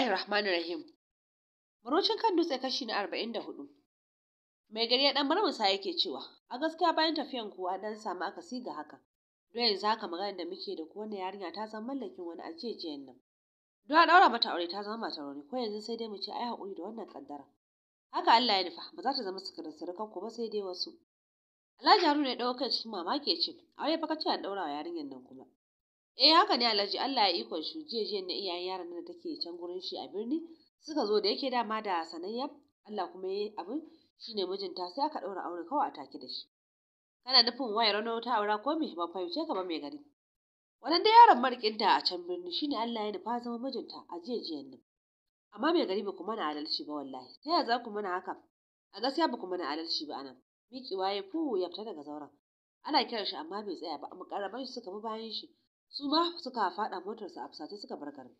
Bismillahi Rahim. Marocin kan dutse kashi na arba'in da hudu. Mai gari ya bar musa yake cewa, a gaskiya bayan tafiyan kuwa dan samu akasi ga haka. Don yanzu haka magana da muke da kuwa yarinya ta zama mallakin wani ajiyajiyan nan. Don a ɗaura mata aure ta zama matar rauni, ko yanzu sai dai mu ce ai haƙuri da wannan kaddara. Haka Allah ya nufa ba za ta zama su surukan ko ba sai dai wasu. Alhaji Haruna ya kai cikin mamaki ya ce, aure fa kace an ɗaura wa yarinyar nan kuma. eh haka ne alhaji Allah ya ikon shi jiya jiya na iyayen yaran nan da take can gurin shi a birni suka zo da yake dama da sanayya Allah kuma yayi abin shine mijinta sai aka daura aure kawai a take da shi kana nufin waye rano ta aura ko me ban fahimce ka ba mai gari wannan dai yaron marikinta a can birni shine Allah ya nufa zama mijinta a jiya jiyan nan amma mai gari ba kuma na adalci ba wallahi ta yaya za ku mana haka a gaskiya ba kuma na adalci ba anan miƙewa ya fu ya fita daga zauren ana kiran shi amma bai tsaya ba mukarraban shi suka bi bayan shi su ma suka faɗa motarsa a fusace suka bar garin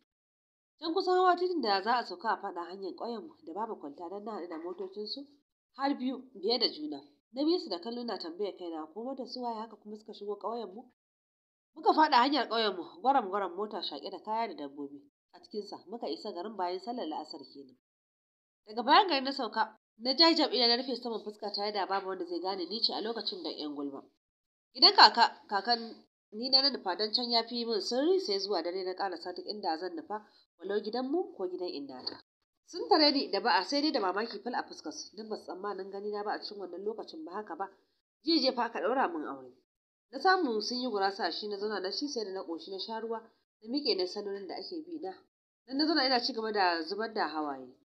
can kusan hawa titin da za a sauka a faɗa hanyar ƙauyen da babu kwalta don na haɗu da su har biyu biye da juna na biyu su da kallo na tambayar kaina ko motar su waye haka kuma suka shigo ƙauyen mu muka faɗa hanyar ƙauyen mu gwaram gwaram mota shaƙe da kaya da dabbobi a cikin sa muka isa garin bayan sallar la'asar kenan daga bayan garin na sauka na jajab ina na rufe saman fuska tare da babu wanda zai gane ni ce a lokacin da yan gulma idan kaka kakan ni na nufa don can ya fi min sirri sai zuwa dare na ƙara duk inda zan nufa walau gidanmu ko gidan innata. sun tare ni da ba'a sai dai da mamaki fal a fuskas don ba su tsammanin gani na ba a cikin wannan lokacin ba haka ba jiya fa aka ɗaura min aure na samu sun yi gurasa shi na zauna na shi sai da na ƙoshi na sha ruwa na miƙe na salolin da ake bi na nan na zauna ina ci gaba da zubar da hawaye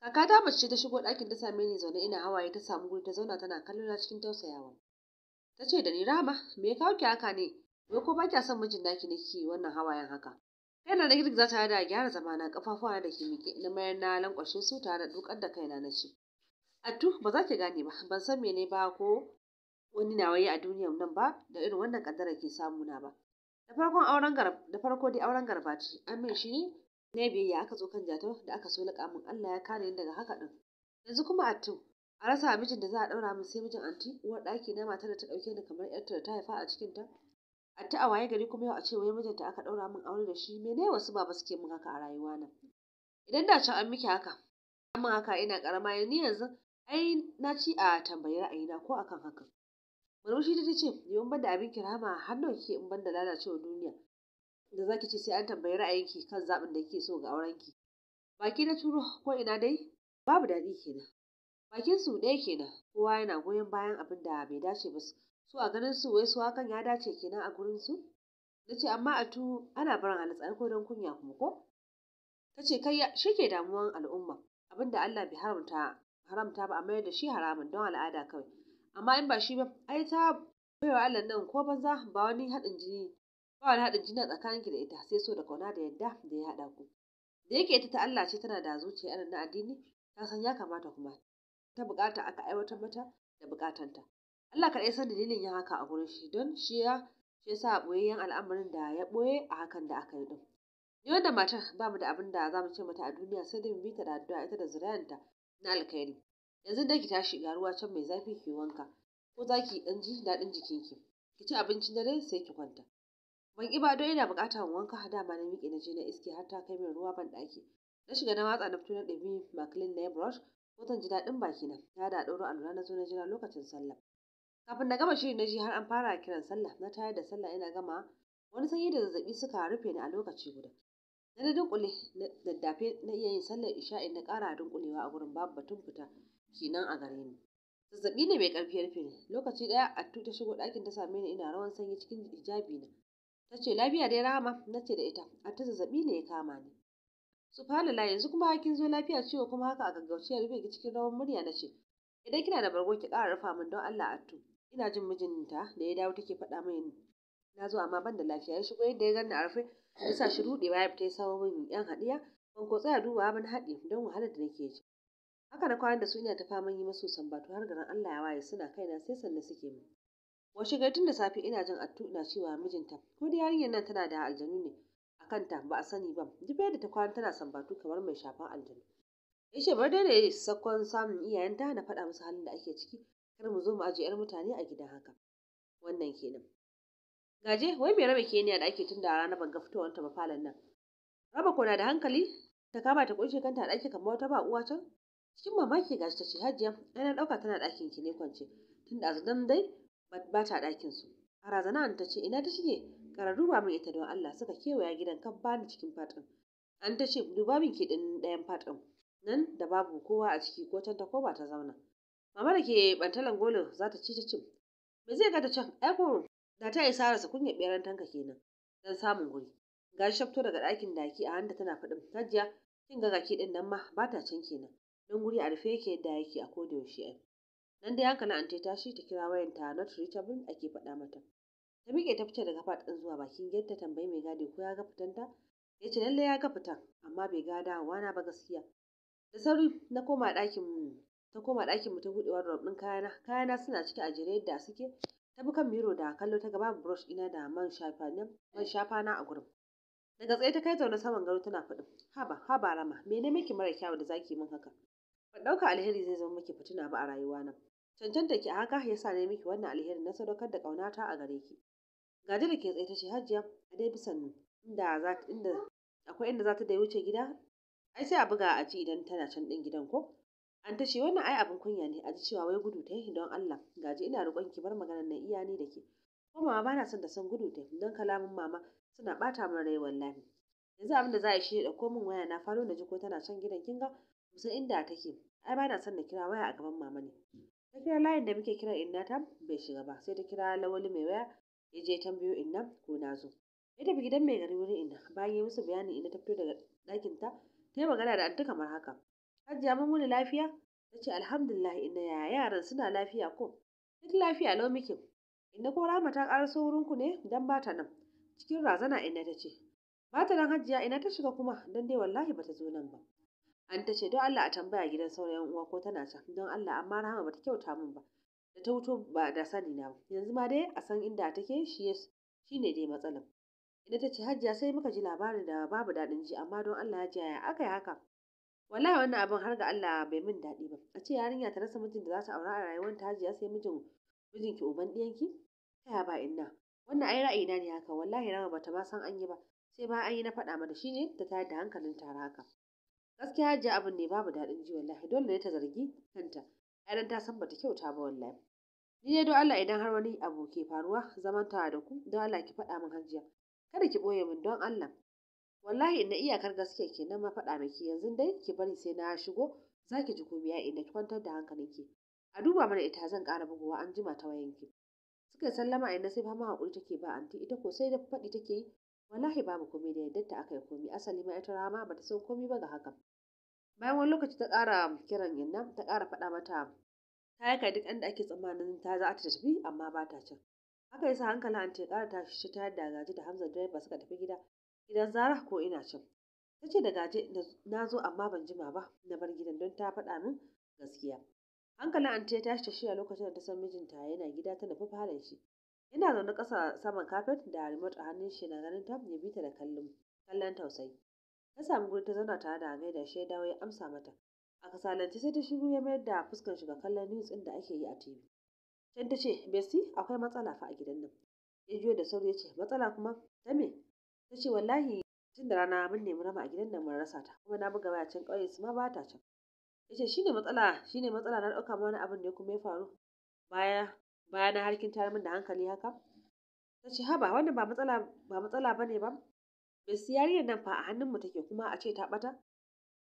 Kaka ta mace ta shigo ɗakin ta same ni zaune ina hawaye ta samu guri ta zauna tana kallo na cikin tausayawa ta ce da ni rama me ya kawo ki haka ne wai ko ba kya son mijin naki ne ke wannan hawayen haka kaina da girgiza tare da gyara zamana kafafuwa da ke miƙe na mayar na lankwashe su tare da dukar da kaina na ce atu ba za ki gane ba, ban san mene ba ko wani waye a duniyar nan ba da irin wannan kaddara ke samu na ba. Da farkon auren da farko dai auren ce an min shi ne na biyayya aka zo kan jata da aka so laƙa min Allah ya kare ni daga haka din. Yanzu kuma Attu, a rasa mijin da za a ɗaura min sai mijin anti uwar ɗaki na matar da ta ɗauke ni kamar 'yarta da ta haifa a cikinta. atta a waye gari kuma yau a ce wai mijinta aka ɗaura min aure da shi mene wasu baba suke min haka a rayuwa nan idan da can an miki haka amma haka ina karama ni yanzu ai na ci a tambayi ra'ayina ko akan hakan murmushi ta ce yau ban da abin kirama har nawa kike in ban da lalacewa duniya da zaki ce sai an tambayi ra'ayinki kan zaɓin da kike so ga aurenki baki na turo ko ina dai babu daɗi kenan bakin su ɗaya kenan kowa yana goyon bayan abin da bai dace ba su a ganin su wai su hakan ya dace kenan a gurin su na ce amma a tu ana barin alatsar ko don kunya kuma ko ta ce kai shi ke damuwan al'umma abinda Allah bai haramta haramta ba amma mayar da shi haramun don al'ada kawai amma in ba shi ba ai ta baiwa Allah nan ko banza ba wani haɗin jini ba wani haɗin jini a ki da ita sai so da kauna da yadda da ya haɗa ku da yake ita ta Allah ce tana da zuciya irin na addini ta san ya kamata kuma ta bukata aka aiwatar mata da bukatanta Allah kaɗai san dalilin yin haka a gurin shi don shi ya shi sa ɓoyayyen al'amarin da ya ɓoye a hakan da aka yi ɗin. ni wanda matar ba mu da abin da za mu ce mata a duniya sai dai mu bi ta da addu'a ita da zuriyarta na alkhairi yanzu dai ki tashi ga ruwa can mai zafi ki wanka ko za ki ɗan ji daɗin jikinki ki ci abincin dare sai ki kwanta ban ƙi ba don ina buƙatar wanka ma na miƙe na je na iske har ta kai min ruwa ban ɗaki na shiga na watsa na fito na ɗabi maklin na brush ko zan ji daɗin bakina ya da ɗauro alura na zo na jira lokacin sallah kafin na gama shiri na ji har an fara kiran sallah na tayar da sallah ina gama wani sanyi da zazzabi suka rufe ni a lokaci guda na da dunkule da dafe na iya yin sallar isha'i na ƙara dunkulewa a gurin babu batun fita kenan a gare ni zazzabi ne mai karfi rufe ni lokaci ɗaya attu ta shigo ɗakin ta same ni ina rawan sanyi cikin hijabi na ta ce lafiya dai rama na ce da ita a ta zazzabi ne ya kama ni subhanallah yanzu kuma kin zo lafiya ciwo kuma haka a gaggauce ya rufe ki cikin rawan murya na ce idan kina da bargo ki kara rufa min don Allah attu Ina jin mijinta da ya dawo take faɗa min na zo amma ban da lafiya. Ya shigo yadda ya ganni a rufe ya sa shi ruɗewa ya fita ya samo min yan haɗiya. Ban ko tsaya duba ba na haɗiye don wahalar da nake ji. Haka na kwana da su ina ta faman yi ba sambatu har garin Allah ya waye suna kaina sai sanna suke min. Washe gari tun da safe ina jin Attu na cewa mijinta ko da yarinyar nan tana da aljanu ne a kanta ba a sani ba. Duk yadda ta kwana tana sambatu kamar mai shafan aljanu. Ya ce bari dai da ya sakon samun iyayenta na faɗa musu halin da ake ciki. kar mu zo mu ajiye 'yar mutane a gidan haka wannan kenan gaje wai mai raba keniya da ake tun da rana ban ga fitowar ta ba nan raba kona da hankali ta kama ta kunshe kanta a ɗaki kamar wata ba uwa can cikin mamaki gaji ta ce hajiya ana ɗauka tana ɗakin ki ne kwance tun da azudan dai ba ta ɗakin su a razana ta ce ina ta shige kara duba min ita don Allah suka kewaya gidan kan bani cikin fatin an ta ce duba min ke ɗin ɗayan fatin nan da babu kowa a ciki ko ta ko ba ta zauna Mama da ke bantalan golo za ta ci ta cin. Me zai ga ta can? Ai ko da ta isa rasa kunya beran tanka kenan Don samun guri. Ga shafto daga ɗakin daki a hanta tana faɗin Hajiya kin ga gaki din nan ma ba ta can kenan. Don guri a rufe yake yadda yake a koda yaushe ai. Nan dai hankali an ta shi ta kira wayan ta na Treatable ake faɗa mata. Ta miƙe ta fice daga fat ɗin zuwa bakin gate ta tambayi mai gadi ko ya ga fitanta. Ya ce lallai ya ga fitan amma bai ga dawowa na ba gaskiya. Da sauri na koma ɗakin ta koma ɗakin mu ta buɗe wardrobe ɗin kayana kayana suna ciki a jere yadda suke ta bi kan miro da kallo ta gaba brush ina da man shafa man shafa na a gurin daga tsaye ta kai zaune saman gado tana faɗin haba haba rama me ne miki mara kyau da zaki min haka ban ɗauka alheri zai zama miki fitina ba a rayuwa na. cancanta ki a haka ya sa ne miki wannan alheri na sadaukar da ƙaunata a gare ki gaji da ke tsaye ta ce hajiya a dai bisan inda za inda akwai inda za ta da wuce gida ai sai a buga a ci idan tana can ɗin gidan ko An ta ce wannan ai abin kunya ne a ji cewa wai gudu ta yi don Allah Gaji ina roƙon ki bar maganar nan iya ni da ke. Ko mama ba na son da san gudu ta don kalamin mama suna ɓata min rai wallahi. Yanzu abin da za a yi shi ne ɗauko min waya na falo na ji ko tana son gidan kin ga san inda take. Ai ba na son na kira waya a gaban mama ne. Ta kira layin da muke kira inna ta bai shiga ba sai ta kira lawali mai waya ya je tambayo inna ko na zo. Ya tafi gidan mai gari wurin inna bayan ya musu bayani inna ta fito daga ɗakin ta ta yi magana da anti kamar haka. Hajiya mun wani lafiya? Ta ce alhamdulillah inna yaya yaran suna lafiya ko? Duk lafiya lau muke. Inna ko Rahama ta ƙaraso wurinku ne dan ba ta nan. Cikin razana inna ta ce. Ba ta nan Hajiya ina ta shiga kuma dan dai wallahi bata zo nan ba. An ta ce don Allah a tambaya gidan sauran uwa ko tana can don Allah amma Rahama bata kyauta min ba. Da ta wuto ba da sani na ba. Yanzu ma dai a san inda take shi ne dai matsalar. Ina ta ce Hajiya sai muka ji labarin da babu daɗin ji amma don Allah Hajiya ya aka yi haka? Wallahi wannan abin har ga Allah bai min daɗi ba. A ce yarinya ta rasa mijin da za ta aura a rayuwar ta hajiya sai mijin mijinki uban ɗiyanki? Ta ba inna. Wannan ai na ne haka wallahi rama bata ma san an yi ba. Sai ma an yi na faɗa mata shi ne ta tayar da hankalin tara haka. Gaskiya hajiya abin ne babu daɗin ji wallahi dole ne ta zargi kanta. Ai ta san bata kyauta ba wallahi. Ni dai don Allah idan har wani abu ke faruwa zamantawa da ku don Allah ki faɗa min hajiya. Kada ki ɓoye min don Allah. wallahi na iyakar gaske kenan na faɗa miki yanzu dai ki bari sai na shigo za ki ji komiya, ya inda ki kwantar da hankalinki a duba mana ita zan ƙara bugowa an jima ta ki. suka sallama ina sai fama hakuri take ba anti ita ko sai da faɗi take yi wallahi babu komai da yadda ta aka yi komai asali ma ita rama bata san komai ba ga haka bayan wani lokaci ta ƙara kiran yanna ta ƙara faɗa mata ta ka duk inda ake tsammanin ta za ta tafi amma ba ta can haka yasa hankalin anti ya ƙara tashi ta yadda da gaji da hamza direba suka tafi gida Gidan Zara ko ina can. Ta ce da gaje na zo amma ban jima ba na bar gidan don ta faɗa min gaskiya. Hankalin anti ya tashi ta shirya lokacin da ta san mijinta yana gida ta nufi falon shi. Yana zaune ƙasa saman kafet da remote a hannun shi na ganin ta ya bi ta da kallon kallon tausayi. Ta sami guri ta zauna tare da gaida shi ya dawo ya amsa mata. A kasalance sai ta shiru ya mayar da fuskar shi ga kallon news ɗin da ake yi a TV. Can ta ce, akwai matsala fa a gidan nan. Ya da sauri ya ce, matsala kuma ta me? Ta ce wallahi tun da rana mun nemi raba a gidan nan mun rasa ta kuma na buga waya can ƙauye su ma ba ta can. Ya ce shine matsala shine matsala na ɗauka wani abin ne kuma ya faru baya baya na harkin tayar min da hankali haka. Ta ce haba wannan ba matsala ba matsala bane ba. su yarinyar nan fa a hannun mu take kuma a ce ta ɓata.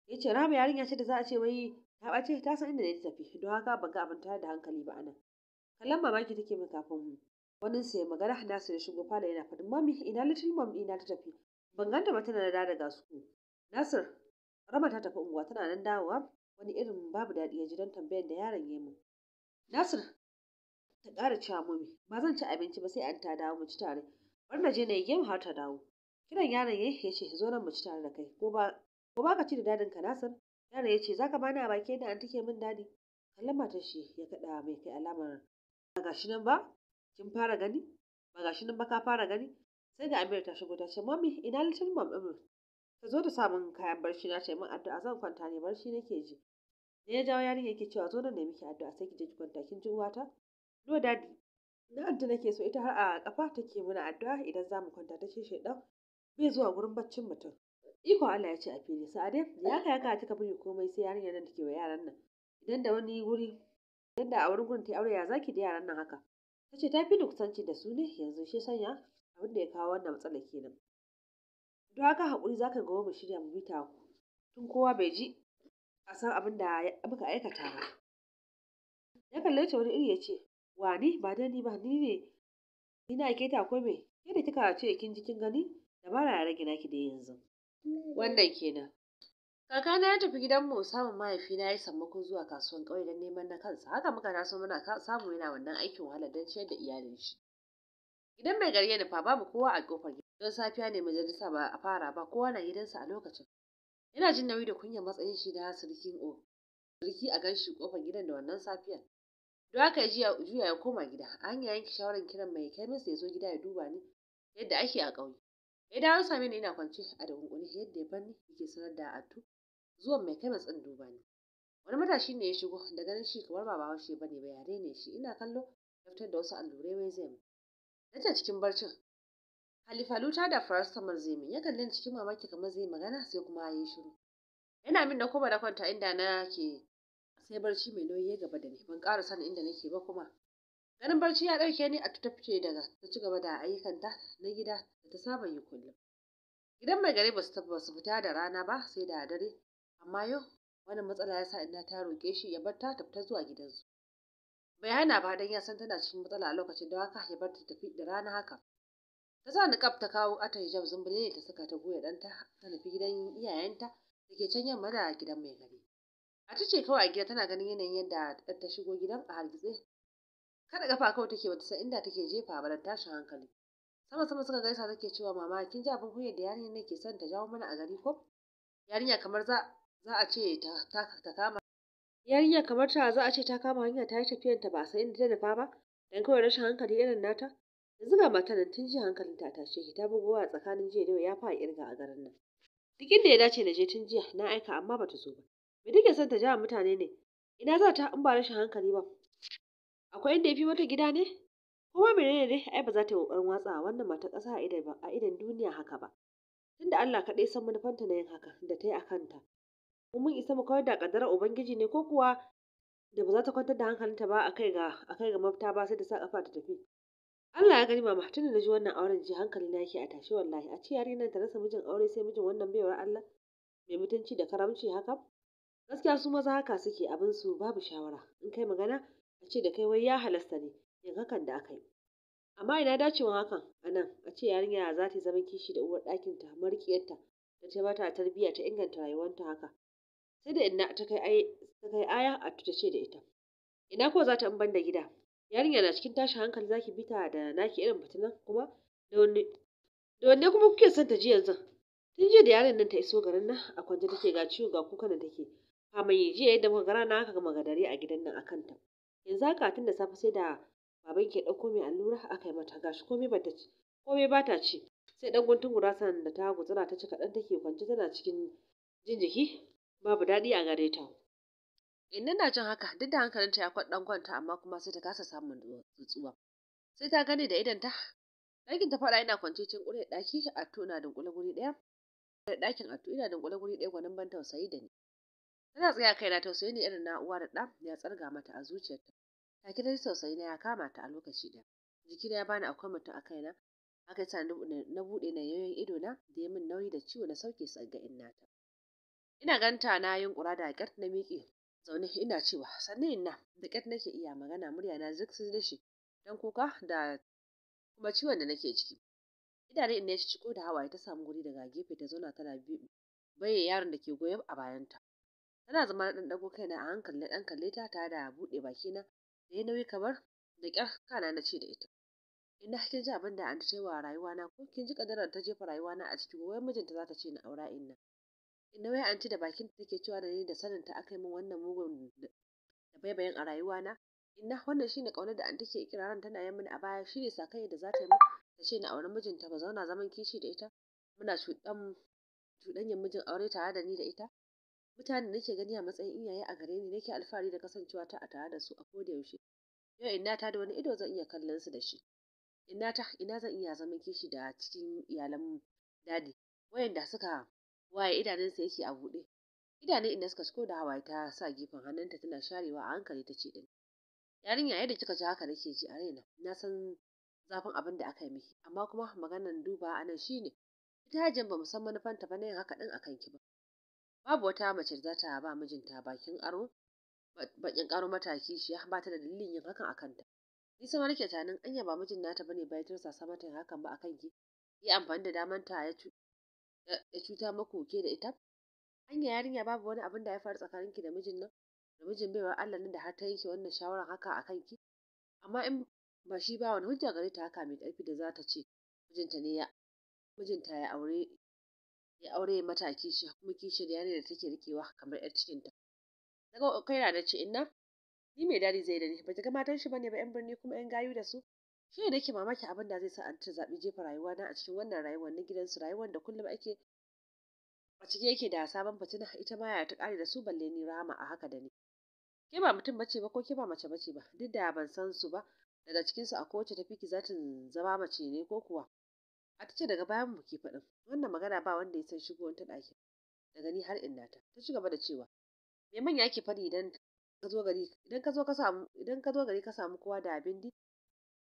Ya ce rama yarinya ce da za a ce wai ta ɓace ta san inda ne ta tafi don haka ban ga abin tayar da hankali ba anan. Kallon mamaki take min kafin mu. Wannan sai magana Nasir ya shigo fara yana fadin mami ina little mom ina ta tafi ban ganta ba tana da daga su Nasir Rama ta tafi unguwa tana nan dawowa wani irin babu daɗi ya ji don tambayar da yaron ya min Nasir ta ƙara cewa mami ba zan ci abinci ba sai an ta dawo mu ci tare bar na je na yi game har ta dawo kiran yaron ya ya ce zo nan mu ci tare da kai ko ba ko ba ka ci da dadin ka Nasir yaron ya ce zaka bani a baki da an take min dadi kallon matar shi ya kaɗa mai kai alamar gashi nan ba kin fara gani ba gashi nan ba ka fara gani sai ga Amira ta shigo ta ce mami ina little mom din ta zo ta sa kayan barci na ce min addu'a zan kwanta ne barci nake ji ne ya jawo yarinya yake cewa zo nan ne miki addu'a sai ki je ki kwanta kin ji uwata no daddy na addu'a nake so ita har a kafa take muna addu'a idan zamu mu kwanta ta ce shedan bai zuwa gurin baccin mutum iko Allah ya ce a fili sa'ade ya ka ka kika komai sai yarinya nan take wa yaran nan idan da wani wuri idan da a wurin gurin ta aure ya zaki da yaran nan haka Ta ce ta fi kusanci da su ne yanzu shi sanya abin da ya kawo wannan matsalar kenan. Don haka haƙuri za ka ga mu shirya mu bi ta tun kowa bai ji a san abin da muka aikata ba. Ya kalle ta wani iri ya ce wani ba da ni ba ni ne ni na ke ta ko me ke da kika ce kin ji kin gani dabara ya rage naki da yanzu. Wannan kenan. kakana ya tafi mu samun mahaifi na ya yi sammako zuwa kasuwan kauye don neman na kansa haka muka taso muna samu yana wannan aikin wahala don ciyar da iyalin shi gidan mai gari ya nufa babu kowa a kofar gidan don safiya ne majalisa ba a fara ba kowa na gidansa a lokacin yana jin nauyi da kunyar matsayin shi da sirkin o sirki a ganshi kofar gidan da wannan safiyar don haka ya juya ya koma gida a hanya yanki shawaran kiran mai kemis ya zo gida ya duba ni yadda ake a kauye idan an same ni ina kwance a da yadda ya bar ni yake sanar da atu zuwan mai kemis ɗin duba ne. wani matashi ne ya shigo da ganin shi kamar ba shi bane ba yare ne shi ina kallo ya fitar da wasu allurai wai zai mai nace cikin barcin Halifalu ta da farastamar zai mai, ya kalle cikin mamaki kamar zai magana sai kuma ya yi shiru yana min na kuma da kwanta inda na ke sai barci mai nauyi ya gaba da ni ban ƙara sanin inda nake ba kuma ganin barci ya ɗauke ni a ta fice daga ta ci gaba da ayyukanta na gida da ta saba yi kullum gidan mai gari ba su fita da rana ba sai da dare amma yau wannan matsala ya sa inna ta roƙe shi ya bar ta ta fita zuwa gidansu bai hana ba dan ya san tana cikin matsala a lokacin da haka ya bar ta tafi da rana haka ta sa ni ta kawo ata hijab zumbule ne ta saka ta goya ɗanta ta nufi gidan iyayenta da ke can yamma da gidan mai gari a ce kawai a gida tana ganin yanayin yadda ta shigo gidan a hargitse kada kafa kawai take bata san inda take jefa ba da tashin hankali sama sama suka gaisa take cewa mama kin ji abin kunyar da yarinyar ke son ta jawo mana a gari ko yarinya kamar za za a ce ta kama yarinya kamar ta za a ce ta kama hanya ta yi tafiyan ta ba sai inda ta nufa ba dan kawai rashin hankali irin nata yanzu ga mata nan tun jiya hankalin ta tashi ki ta bugowa tsakanin jiya da ya fa irga a garin nan duk inda ya dace na je tun jiya na aika amma bata zo ba me take son ta jawa mutane ne ina za ta in ba rashin hankali ba akwai inda ya fi mata gida ne kuma menene dai ai ba za ta yi kokarin watsa wannan mata kasa a idan duniya haka ba tunda Allah kaɗai san manufanta na yin haka da ta yi a kanta mun isa mu kawar da ƙaddarar ubangiji ne ko kuwa da ba za ta kwantar da hankalinta ba akai ga akai ga mafita ba sai ta sa kafa ta tafi Allah ya gani mama na naji wannan auren ji hankali na yake a tashi wallahi a ce yarinyar ta rasa mijin aure sai mijin wannan baiwar Allah mai mutunci da karamci haka gaskiya su maza haka suke abin su babu shawara in kai magana a ce da kai wai ya halasta ne yin hakan da aka yi amma ina dacewa hakan a nan a ce yarinya za ta zama kishi da uwar ɗakinta marƙiyarta da ta bata tarbiyya ta inganta rayuwarta haka sai da inna ta kai aya a ta ce da ita ina ko za ta in banda gida yarinya na cikin tashin hankali zaki bita da naki irin batuna kuma da wanne da wanne kuma kuke son ta ji yanzu tun jiya da yarin nan ta iso garin nan a kwance take ga ciwo ga kukan da take mai yi jiya yadda muka gara na aka gama gadari a gidan nan akan ta yanzu haka tun da safe sai da baban ke ɗauko mai allura aka yi mata gashi komai ba ta ci komai ba ta ci sai dan guntun gurasan da ta gutsura ta ci kaɗan take kwance tana cikin jin jiki babu daɗi a gare ta eh, inna na jin haka duk da hankalinta ya ɗan kwanta amma kuma sai ta kasa samun nutsuwa sai ta gani da idon ta ɗakin ta faɗa yana kwance cikin ƙure ɗaki atto da ƙule guri ɗaya ɗakin da ƙule guri ɗaya gwanin ban tausayi da ni tana tsaye a kaina tausayi ne irin na uwa da ɗa ya tsarga mata a zuciyarta take dai tausayi na ya kama ta a lokaci ɗaya jikina ya bani akwai mutum a kaina haka sa na buɗe na yoyon ido na da ya min nauyi da ciwo na sauke su ga nata. Ina ganta na yunkura da ƙyar na miƙe zaune ina cewa sanne na da ƙyar nake iya magana murya na zikzik dashi dan kuka da kuma ciwon da nake ciki idare ina ya ciko da hawaye ta samu guri daga gefe ta zauna tana baye yaron da ke goyon a bayanta tana zama na ɗanɗago kaina a hankali na ɗan kalle ta tare da buɗe bakina da ya nauyi kamar da ƙyar kana na ce da ita Ina kin ji abin da an ta yi wa rayuwana ko kin ji kadarar ta jefa rayuwana a ciki wai mijinta za ta ce na aura inna Inna wai anti da bakinta take cewa da ni da saninta aka yi min wannan mugun baibayin a rayuwa na ina wannan shine ƙaunar da anti ke ikirarin tana yi mini a baya shine sakayyar da za ta yi min ta ce na auri mijinta mu zauna zaman kishi da ita muna cuɗanyar mijin aure tare da ni da ita. Mutanen da nake gani a matsayin iyaye a gare ni nake alfahari da kasancewata a tare da su a koda yaushe. Yau ta da wani ido zan iya kallon su da shi. ta ina zan iya zaman kishi da cikin iyalan mu, dadi wayanda suka waye idanunsa yake a buɗe idanu inda suka ciko da hawaye ta sa gefen hannunta tana sharewa a hankali ta ce din yarinya da kika ji haka nake ji a raina na san zafin abin da aka yi miki amma kuma maganan duba anan shine ita hajjan ba musamman fanta ba na yin haka din akan ki ba babu wata mace da za ta ba mijinta bakin aro bakin karo mataki shi ba ta da dalilin yin hakan akan ta ni sama nake tunanin anya ba mijin nata bane bai tursa sa mata hakan ba akan ki yi amfani da damanta ya ya cuta maku ke da ita anya yarinya babu wani abin da ya faru tsakaninki da mijin nan da mijin wa Allah nan da har ta yanke wannan shawarar haka a kanki amma in ba shi ba wani hujja gare ta haka mai ƙarfi da za ta ce mijinta ne ya mijinta ya aure ya aure mata kishi kuma kishiyar yarinya da take rikewa kamar yar cikinta daga kaina da ce inna ni mai dadi zai da ni ba ta ga matan shi bane ba yan birni kuma yan gayu da su Shi ne da mamaki abin da zai sa an ta zaɓi jefa rayuwa na a cikin wannan rayuwar na gidansu rayuwar da kullum ake a cikin yake da sabon fitina ita ma ya ta ƙare da su balle ni rama a haka da ni. Ke ba mutum bace ba ko ke ba mace bace ba duk da ban san su ba daga cikinsu a kowace tafi ki zatin zama mace ne ko kuwa. A ta daga bayan mu ke faɗin wannan magana ba wanda ya san shigo ta ɗakin daga ni har inna ta ta ci gaba da cewa me manya ke faɗi idan ka zo gari idan ka zo ka samu idan ka zo gari ka samu kowa da abin di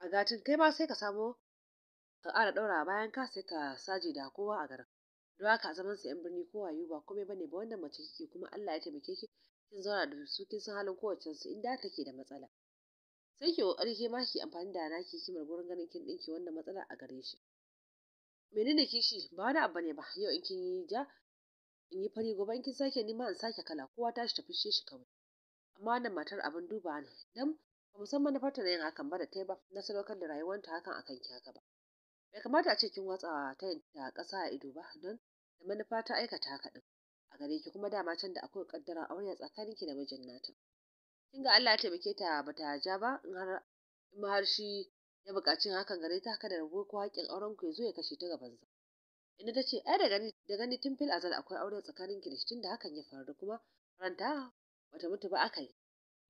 a gatin kai ma sai ka samo ka ƙara ɗaura bayan ka sai ka saje da kowa a garin don haka zaman su yan birni ko wayo ba komai bane ba wannan mace kike kuma Allah ya taimake ki kin zauna da su kin san halin kowace su inda take da matsala sai ki kokari ke ma ki amfani da naki kimar gurin ganin kin dinki wannan matsala a gare shi menene kishi ba wani abu ne ba yau in kin yi ja in yi fari gobe in kin sake nima in sake kala kowa tashi tafi shi kawai amma wannan matar abin duba ne dan Ba musamman san manufarta na yin hakan ba da ta ba na sadaukar da rayuwanta hakan akan ki haka ba. Bai kamata a ce kin watsawa ta ƙasa a ido ba don da manufa ta aikata haka din A gare ki kuma dama can da akwai ƙaddarar aure ki da mijin nata. Kin ga Allah ya taimake ta ba ta ja ba in har in har shi ya buƙaci hakan gare ta haka da rabo ko haƙƙin auren ku ya zo ya kashe ta gaban sa. Inda ta ce ai da gani da gani tun fil azal akwai aure ki da shi tunda hakan ya faru kuma ranta bata mutu ba aka yi.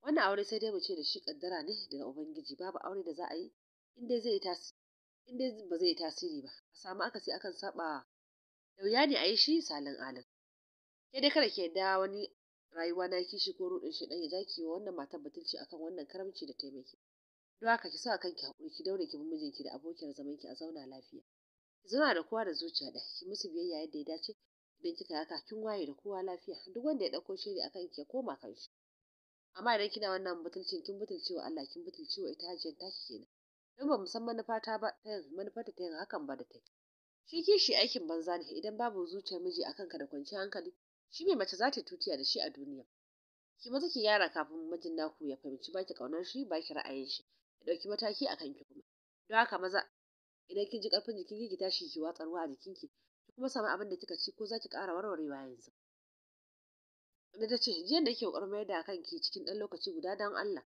wannan aure sai dai mu ce da shi kaddara ne daga ubangiji babu aure da za a yi in dai zai in dai ba zai yi tasiri ba a samu aka akasi akan saba da wuya ne a yi shi salin alin ke dai kada ki da wani rayuwa na kishi ko rudin shi dan ya jaki wa wannan matar batulci akan wannan karamci da taimaki don haka ki sa kanki hakuri ki daure ki bi mijinki da abokin zaman ki a zauna lafiya ki zauna da kowa da zuciya ɗaya ki musu biyayya yadda ya dace idan kika haka kin waye da kowa lafiya duk wanda ya ɗauko shiri akan ki ya koma kan amma idan kina wannan mutuncin kin mutunci wa Allah kin mutunci wa ita hajiyar taki kenan don ba mu san manufa ta ba ta manufar ta yin hakan ba da ta shi kishi aikin banza ne idan babu zuciyar miji akan ka da kwanciyar hankali shi mai mace za ta tutiya da shi a duniya ki maza ki gyara kafin mijin naku ya fahimci baki kaunar shi ki ra'ayin shi ya ɗauki mataki akan ki kuma don haka maza idan kin ji karfin jikin ki tashi ki watsar a jikin ki ki kuma samu abin da kika ci ko za ki ƙara warwarewa yanzu na ta ce, jiyan da ke ƙoƙarin mayar da kanki cikin ɗan lokaci guda dan Allah.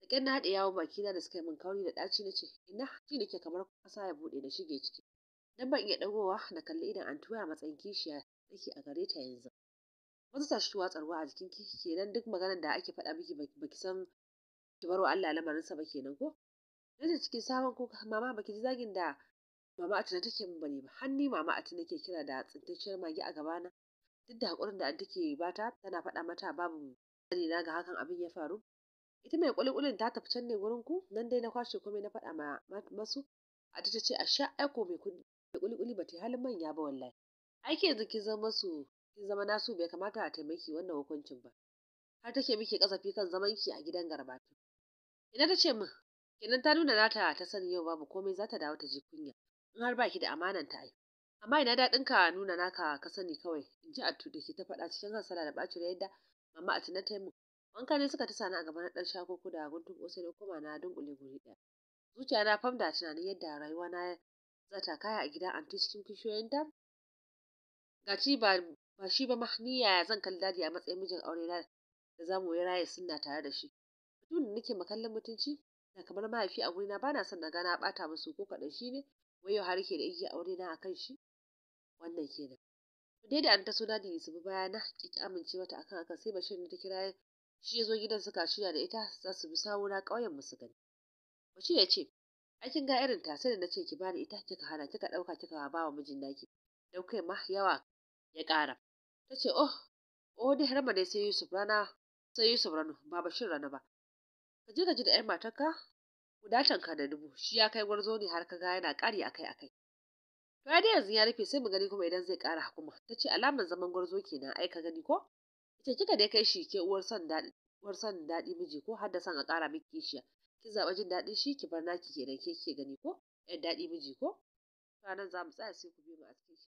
Da ƙyar na haɗe baki na da suka yi min kauri da ɗaci na ce, ina ji nake kamar kasa ya bude na shige ciki. Dan ban iya dagowa na kalli idan an tuya matsayin kishiya nake a gare ta yanzu. Wasu tashi watsarwa a jikin ki kenan duk maganar da ake faɗa miki baki san ki baro Allah Allah sa ba kenan ko? Nace cikin sabon kuka mama baki ji zagin da mama Atina take min bane ba. Hanni mama Atina nake kira da tsintacciyar magi a gabana. duk da haƙurin da anti ke bata tana faɗa mata babu sani na ga hakan abin ya faru ita mai kulikulin ta tafi can ne gurin ku nan dai na kwashe komai na faɗa ma masu a ta ce a sha aiko mai kulikuli ba ta yi halin manya ba wallahi aiki yanzu kin zama su kin zama nasu bai kamata a taimaki wannan hukuncin ba har take miki kasafi kan zaman ki a gidan garbatu ina ta ce min kenan ta nuna nata ta sani yau babu komai zata dawo ta ji kunya in har baki da amanan ta ai amma ina daɗin ka nuna naka ka sani kawai in ji attu da ke ta faɗa cikin hansala da ɓacin yadda mama a na taimu wanka ne suka ta sani a gaban ɗan shago ko da guntun ƙosai da kuma na dunƙule guri ɗaya zuciya na famda tunanin yadda rayuwa na zata kaya a gida anti cikin kishiyoyin ta gaci ba ba shi ba mahniya zan kalli dadi a matsayin mijin aure na da za mu yi raye sunna tare da shi mutum da nake makallin mutunci na kamar mahaifi a gurina ba na son na gana bata musu ko kaɗan shi ne wai har ke da igiya aure na akan shi wannan kenan to dai da an taso dadi su bi bayana ki amince mata akan haka sai bashir ne ta kira shi ya zo gidan suka shirya da ita za su bi sawuna ƙauyen musu gani bashir ya ce ai kin ga irin ta sai da nace ki bani ita kika hana kika dauka kika ba wa mijin naki dan kai ma yawa ya ƙara ta ce oh oh dai harma dai sai Yusuf rana sai Yusuf rana ba bashir rana ba ka je ka ji da ƴan matarka datan ka da dubu shi ya kai gwarzo ne har ka ga yana ƙari akai akai to dai yanzu ya rufe sai mu gani kuma idan zai kara hakuma ta ce alamar zaman gwarzo kenan aika gani ko ita kika dai kai shi ke uwar son daɗi uwar son daɗi miji ko har da son a kara miki kishiya ki zaɓa jin daɗin shi ki bar naki kenan ke ke gani ko ya daɗi miji ko ranar za mu tsaya sai ku bi mu a cikin